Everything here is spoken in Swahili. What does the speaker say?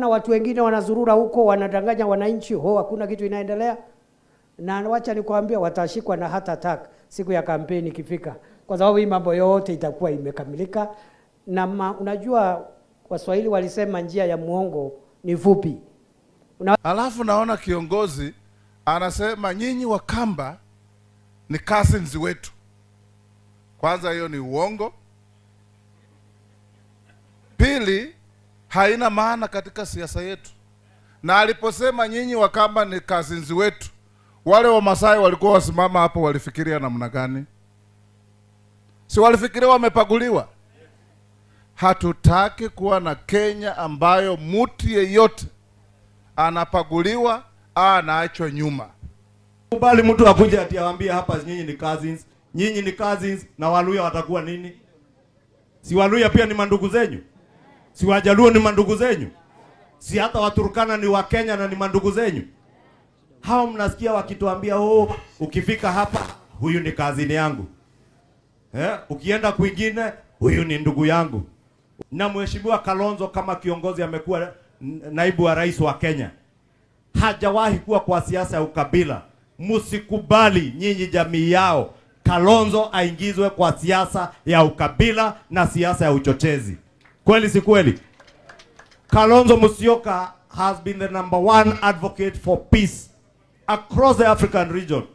Na watu wengine wanazurura huko wanadanganya wananchi, ho, oh, hakuna kitu inaendelea. Na wacha nikwambia, watashikwa na hata tak siku ya kampeni ikifika, kwa sababu hii mambo yote itakuwa imekamilika. Na ma, unajua Waswahili walisema njia ya muongo ni fupi. Una... Alafu naona kiongozi anasema nyinyi Wakamba ni cousins wetu. Kwanza hiyo ni uongo. Pili haina maana katika siasa yetu. Na aliposema nyinyi Wakamba ni kazinzi wetu, wale Wamasai walikuwa wasimama hapo, walifikiria namna gani? Si walifikiria wamepaguliwa? Hatutaki kuwa na Kenya ambayo mtu yeyote anapaguliwa anaachwa nyuma. Kubali mtu akuje ati hapa nyinyi ni cousins, nyinyi ni cousins, na Waluya watakuwa nini? Si Waluya pia ni mandugu zenyu? si Wajaluo ni mandugu zenyu, si hata Waturkana ni Wakenya na ni mandugu zenyu. Hao mnasikia wakituambia oh, ukifika hapa huyu ni kazini yangu eh, ukienda kwingine huyu ni ndugu yangu. Na mheshimiwa Kalonzo kama kiongozi amekuwa naibu wa rais wa Kenya, hajawahi kuwa kwa siasa ya ukabila. Msikubali nyinyi jamii yao Kalonzo aingizwe kwa siasa ya ukabila na siasa ya uchochezi. Kweli si kweli? Kalonzo Musyoka has been the number one advocate for peace across the African region.